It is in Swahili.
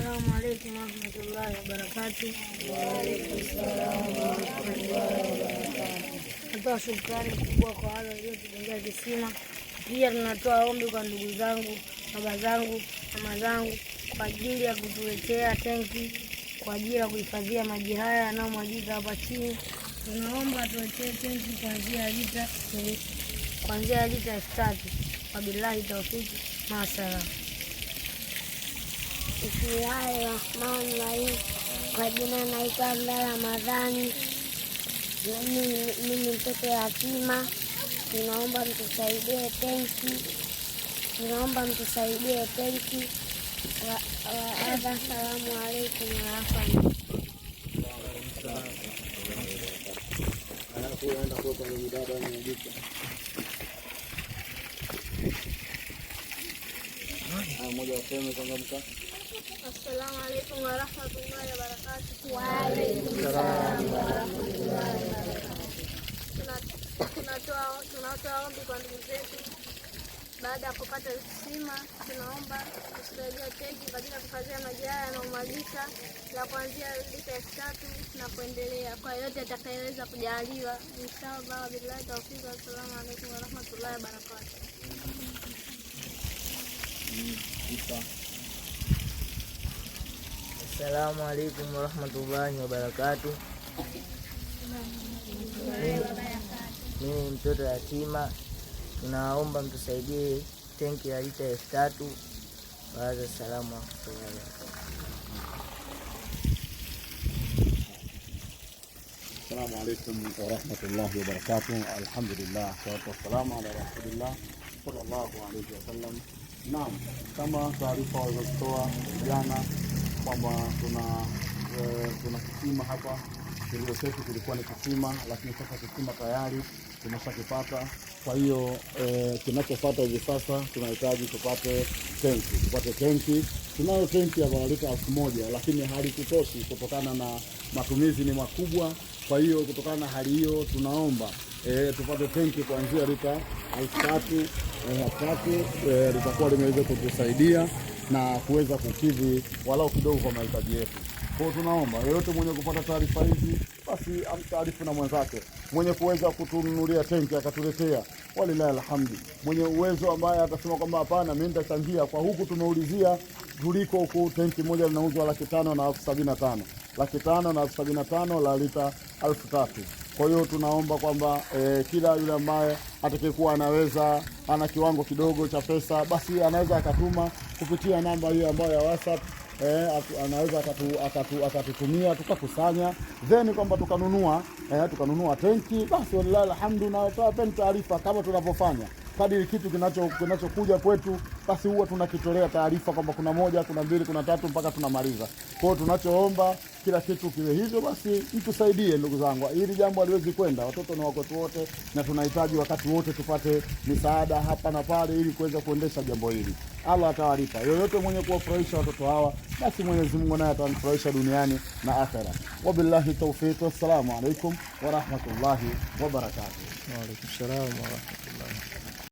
Assalamu rahmatullahi warahmatullahi wabarakatuh. Natoa shukrani kubwa kwa wale waliotujengea kisima. Pia tunatoa ombi kwa ndugu zangu, baba zangu, mama zangu kwa ajili ya kutuletea tenki kwa ajili ya kuhifadhia maji haya yanayomwagika hapa chini. Tunaomba tuletee tenki kuanzia lita kuanzia ya lita elfu tatu. Wabillahi taufiki, maasalam. Bismillahi rahmani rahim. Kwa jina naitwa Mda Ramadhani, mimi mtoto yatima. Ninaomba mtusaidie tenki, tunaomba mtusaidie tenki. Waadha, salamu alaikum warahmatu mmoja wa sehemu ah, changamka Assalamu alaikum warahmatullahi wabarakatuh. Wa Tunatoa ombi kwa ndugu zetu baada ya kupata visima, tunaomba kusitajia teki katika kufadhia maji haya yanaomwagika ya kuanzia lita elfu tatu na kuendelea kwa yote atakayeweza kujaliwa, inshallah. Wabillahi taufiki, assalamu alaikum warahmatullahi wabarakatuh. Assalamu alaikum warahmatullahi wabarakatu Mimi ni mtoto yatima, tunaomba mtusaidie tenki ya lita elfu tatu. Baada salamu warahmatullahi Assalamu alaikum warahmatullahi wabarakatuh. Alhamdulillah salatu wassalamu ala rasulillah sallallahu alaihi wasallam. Naam, kama taarifa walizotoa jana kwamba tuna e, tuna kisima hapa. Kilio chetu kilikuwa ni kisima, lakini sasa kisima tayari tumeshakipata. Kwa hiyo e, eh, kinachofuata hivi sasa tunahitaji tupate tenki, tupate tenki. Tunayo tenki ya lita elfu moja lakini kutoshi kutokana na matumizi ni makubwa. Kwa hiyo kutokana na hali hiyo tunaomba E, tupate tenki kuanzia lita elfu tatu elfu tatu litakuwa limeweza kutusaidia na kuweza kukidhi walau kidogo kwa mahitaji yetu. Kwa hiyo tunaomba yeyote mwenye kupata taarifa hizi basi amtaarifu na mwenzake, mwenye kuweza kutununulia tenki akatuletea, walilahi alhamdi. Mwenye uwezo ambaye atasema kwamba hapana, mimi nitachangia kwa huku, tumeulizia tuliko huku tenki moja linauzwa laki tano na elfu sabini na tano laki tano na elfu sabini na tano la lita elfu tatu kwa hiyo tunaomba kwamba e, kila yule ambaye atakayekuwa anaweza ana kiwango kidogo cha pesa, basi anaweza akatuma kupitia namba hiyo ambayo ya WhatsApp. E, anaweza akatutumia akatu, akatu tukakusanya then kwamba tukanunua e, tukanunua tenki basi, wallahi alhamdu, na tutawapeni taarifa kama tunavyofanya kadiri kitu kinacho kinachokuja kwetu, basi huwa tunakitolea taarifa kwamba kuna moja, kuna mbili, kuna tatu mpaka tunamaliza. Kwa hiyo tunachoomba kila kitu kiwe hivyo, basi mtusaidie ndugu zangu, ili jambo haliwezi kwenda. Watoto ni wakwetu wote, na tunahitaji wakati wote tupate misaada hapa na pale, ili kuweza kuendesha jambo hili. Allah atawalipa yoyote mwenye kuwafurahisha watoto hawa, basi Mwenyezi Mungu naye atawafurahisha duniani na akhera. Wabillahi taufiki, wassalamu alaikum warahmatullahi wabarakatuh. Waalaikumsalam warahmatullahi